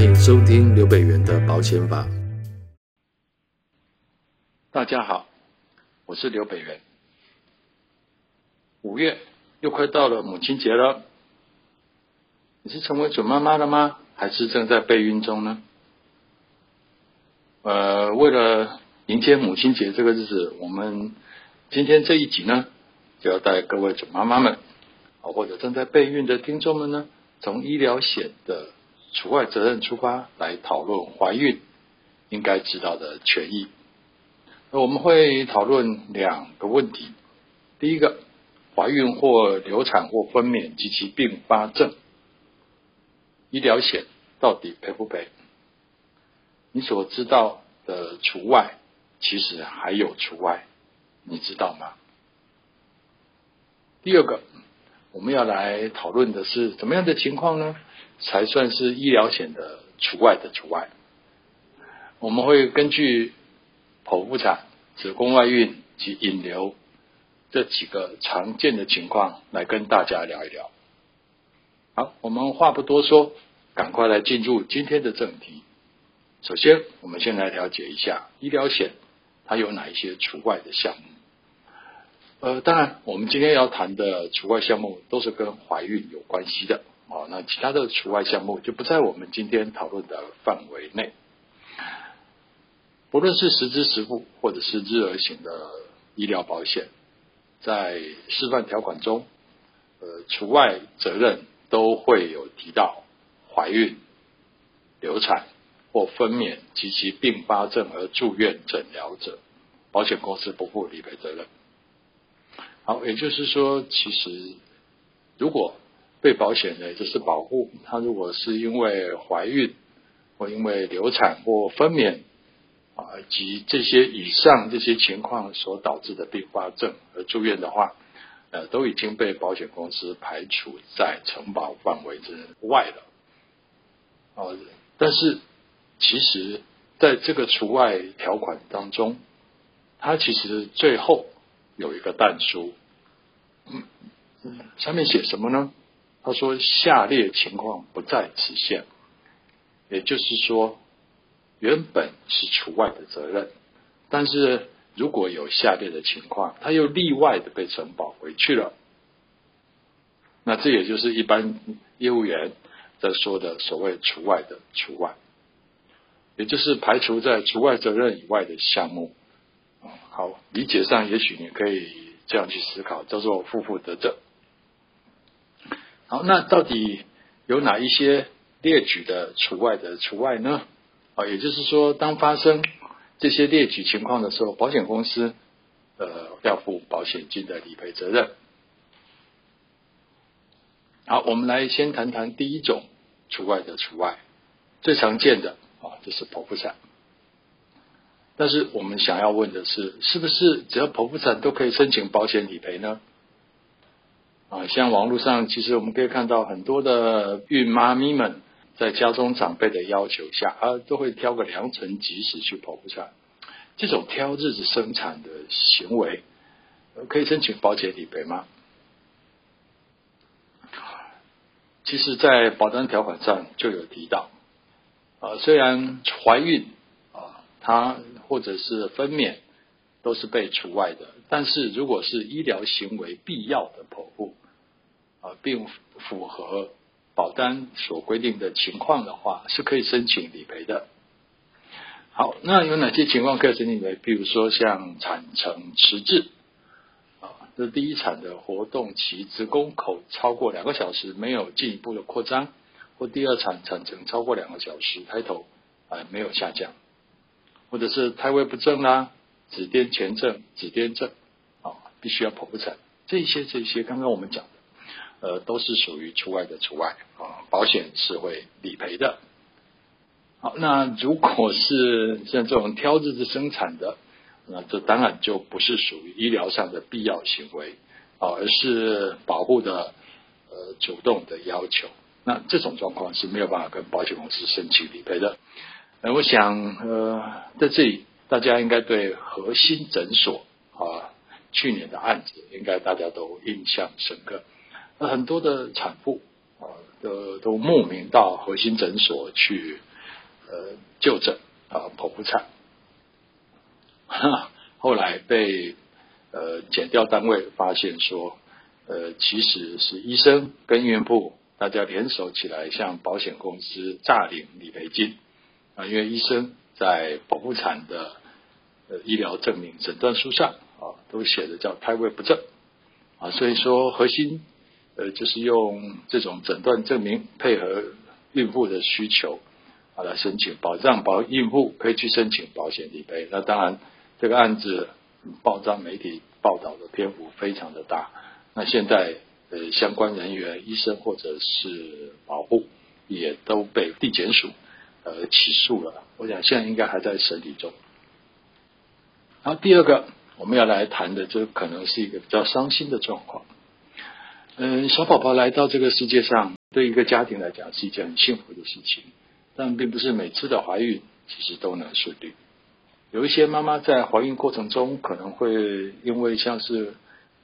請收聽劉北元的保險法。大家好，我是劉北元。五月又快到了母親節了，你是成為準媽媽了嗎？還是正在備孕中呢？呃，為了迎接母親節這個日子，我們今天這一集呢，就要帶各位準媽媽們，或者正在備孕的聽眾們呢，從醫療險的。除外責任出發來討論懷孕應該知道的權益。那我們會討論兩個問題。第一個，懷孕或流產或分娩及其併發症，醫療險到底賠不賠？你所知道的除外，其實還有除外，你知道嗎？第二個，我們要來討論的是怎麼樣的情況呢？才算是醫療險的除外的除外。我們會根據剖腹產、子宮外孕及引流這幾個常見的情況來跟大家聊一聊。好，我們話不多說，趕快來進入今天的正題。首先，我們先來了解一下醫療險它有哪一些除外的項目。呃，當然，我們今天要談的除外項目都是跟懷孕有關係的。好，那其他的除外項目就不在我們今天討論的範圍內。不論是實支實付或者是日額型的醫療保險，在示範條款中，呃，除外責任都會有提到：懷孕、流產或分娩及其併發症而住院診療者，保險公司不負理賠責任。好，也就是說，其實如果被保險人就是保護他，如果是因為懷孕或因為流產或分娩啊，及這些以上這些情況所導致的併發症而住院的話，呃，都已經被保險公司排除在承保範圍之外了。哦、啊，但是其實在這個除外條款當中，它其實最後有一個但書，嗯，上面寫什麼呢？他說：“下列情況不在此限，也就是說，原本是除外的責任，但是如果有下列的情況，他又例外的被承保回去了。那這也就是一般業務員在說的所謂除外的除外，也就是排除在除外責任以外的項目。嗯，好，理解上也許你可以這樣去思考，叫做負負得正。”好，那到底有哪一些列舉的除外的除外呢？啊，也就是說，當發生這些列舉情況的時候，保險公司呃要負保險金的理賠責任。好，我們來先談談第一種除外的除外，最常見的啊就是剖腹產。但是我們想要問的是，是不是只要剖腹產都可以申請保險理賠呢？啊，像網絡上，其實我們可以看到很多的孕媽咪們，在家中長輩的要求下啊，都會挑個良辰吉時去剖腹產。這種挑日子生產的行為，呃，可以申請保險理賠嗎？其實，在保單條款上就有提到，啊，雖然懷孕啊，她或者是分娩都是被除外的，但是如果是醫療行為必要的剖腹，啊，並符合保單所規定的情況的話，是可以申請理賠的。好，那有哪些情況可以申請理賠？比如說像產程遲滯，啊，這第一產的活動期子宮口超過兩個小時沒有進一步的擴張，或第二產產程超過兩個小時，胎頭啊、呃、沒有下降，或者是胎位不正啦、啊，子癇前症、子癇症，啊，必須要剖腹產，這些這些，這一些剛剛我們講的。呃，都是屬於除外的除外啊，保險是會理賠的。好，那如果是像這種挑日子生產的，那這當然就不是屬於醫療上的必要行為啊，而是保戶的呃主動的要求。那這種狀況是沒有辦法跟保險公司申請理賠的。呃，我想呃，在這裡大家應該對禾馨診所啊去年的案子應該大家都印象深刻。那很多的產婦啊，都都慕名到核心診所去呃就診啊，剖腹產。哈，後來被呃檢調單位，發現說呃，其實是醫生跟醫院部大家聯手起來向保險公司詐領理賠金啊，因為醫生在剖腹產的呃醫療證明、診斷書上啊都寫的叫胎位不正啊，所以說核心。呃，就是用這種診斷證明配合孕婦的需求，啊，來申請保障，保，障保孕婦可以去申請保險理賠。那當然，這個案子報章媒體報道的篇幅非常的大。那現在，呃，相關人員、醫生或者是保戶也都被地檢署呃起訴了。我想現在應該還在審理中。然後第二個我們要來談的，就可能是一個比較傷心的狀況。嗯，小寶寶來到這個世界上，對一個家庭來講是一件很幸福的事情，但並不是每次的懷孕其實都能順利。有一些媽媽在懷孕過程中，可能會因為像是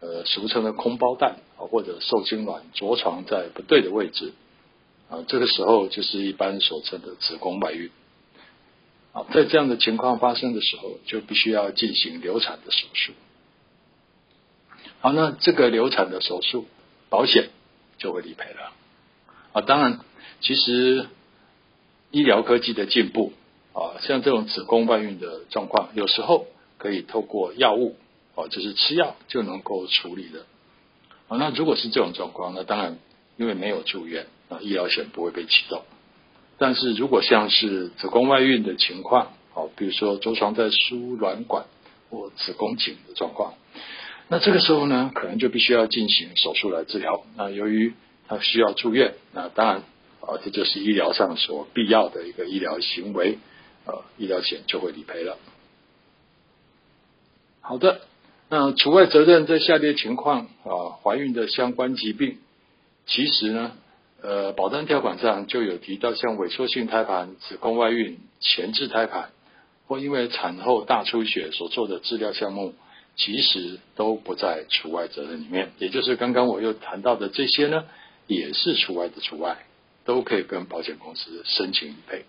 呃俗稱的空包蛋啊，或者受精卵着床在不對的位置啊，這個時候就是一般所稱的子宮外孕。啊，在這樣的情況發生的時候，就必須要進行流產的手術。好，那這個流產的手術，保險就會理賠了啊！當然，其實醫療科技的進步啊，像這種子宮外孕的狀況，有時候可以透過藥物啊，就是吃藥就能夠處理的啊。那如果是這種狀況，那當然因為沒有住院啊，醫療險不會被啟動。但是如果像是子宮外孕的情況啊，比如說着床在輸卵管或子宮頸的狀況。那這個時候呢，可能就必須要進行手術來治療。那由於他需要住院，那當然，啊，這就是醫療上所必要的一個醫療行為，啊醫療險就會理賠了。好的，那除外責任在下列情況啊，懷孕的相關疾病，其實呢，呃，保單條款上就有提到，像萎縮性胎盤、子宮外孕、前置胎盤，或因為產後大出血所做的治療項目。其實都不在除外責任裡面，也就是剛剛我又談到的這些呢，也是除外的除外，都可以跟保險公司申請理賠。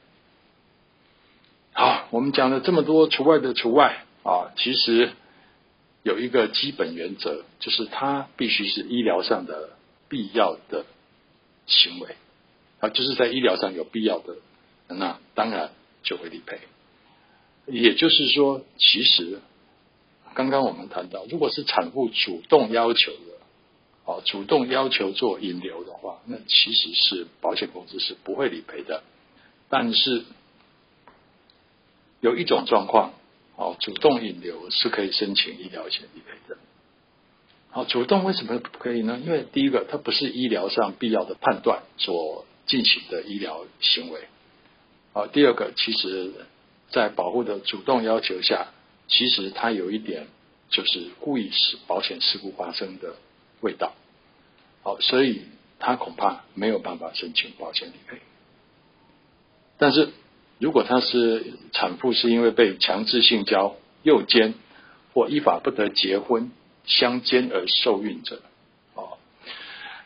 好，我們講了這麼多除外的除外啊，其實有一個基本原則，就是它必須是醫療上的必要的行為，啊，就是在醫療上有必要的，那當然就會理賠。也就是說，其實。剛剛我們談到，如果是產婦主動要求的，哦，主動要求做引流的話，那其實是保險公司是不會理賠的。但是有一種狀況，哦，主動引流是可以申請醫療險理賠的。好，主動為什麼不可以呢？因為第一個，它不是醫療上必要的判斷所進行的醫療行為。啊，第二個，其實在保戶的主動要求下。其實他有一點，就是故意使保險事故發生的味道。好，所以他恐怕沒有辦法申請保險理賠。但是如果他是產婦是因為被強制性交誘、誘姦或依法不得結婚相姦而受孕者，哦，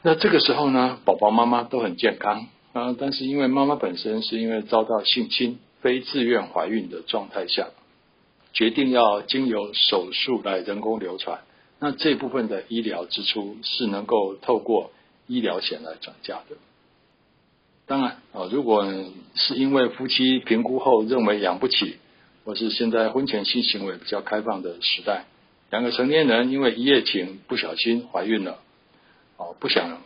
那這個時候呢，寶寶媽媽都很健康啊，但是因為媽媽本身是因為遭到性侵、非自願懷孕的狀態下，決定要經由手術來人工流產，那這部分的醫療支出是能夠透過醫療險來轉嫁的。當然啊、哦，如果是因為夫妻評估後認為養不起，或是現在婚前性行為比較開放的時代，兩個成年人因為一夜情不小心懷孕了，啊、哦，不想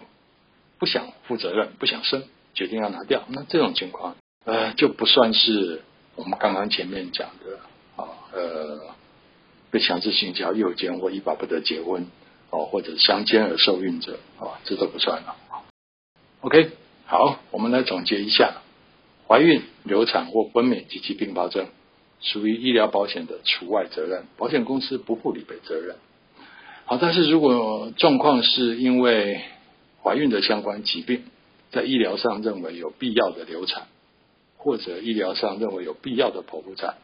不想負責任，不想生，決定要拿掉，那這種情況呃就不算是我們剛剛前面講的。呃，被強制性交、誘姦或依法不得結婚哦，或者相姦而受孕者啊、哦，這都不算了、哦。OK，好，我們來總結一下：懷孕、流產或分娩及其併發症屬於醫療保險的除外責任，保險公司不負理賠責任。好，但是如果狀況是因為懷孕的相關疾病，在醫療上認為有必要的流產，或者醫療上認為有必要的剖腹產。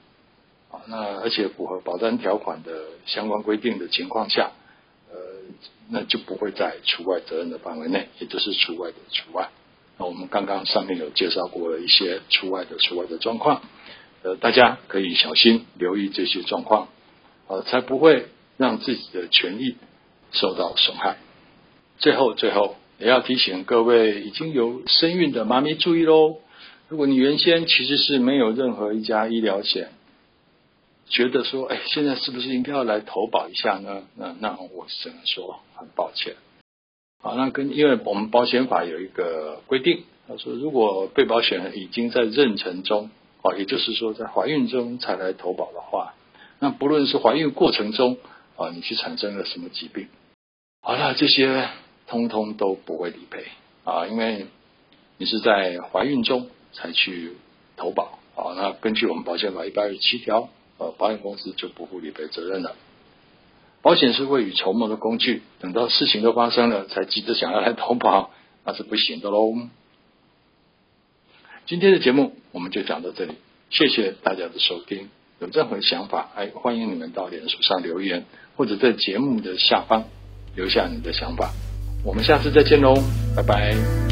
啊，那而且符合保單條款的相關規定的情況下，呃，那就不會在除外責任的範圍內，也就是除外的除外。那我們剛剛上面有介紹過了一些除外的除外的狀況，呃，大家可以小心留意這些狀況，呃，才不會讓自己的權益受到損害。最後，最後也要提醒各位已經有身孕的媽咪注意嘍，如果你原先其實是沒有任何一家醫療險。覺得說，哎，現在是不是應該要來投保一下呢？那那我只能說很抱歉。啊，那跟因為我們保險法有一個規定，他說如果被保險人已經在妊娠中，啊、哦，也就是說在懷孕中才來投保的話，那不論是懷孕過程中啊、哦，你去產生了什麼疾病，好了，那這些通通都不會理賠啊，因為你是在懷孕中才去投保。啊，那根據我們保險法一百二十七條。呃，保險公司就不負理賠責任了。保險是未雨綢繆的工具，等到事情都發生了才急着想要來投保，那是不行的嘍。今天的節目我們就講到這裡，謝謝大家的收聽。有任何想法，哎，歡迎你們到臉書上留言，或者在節目的下方留下你的想法。我們下次再見嘍，拜拜。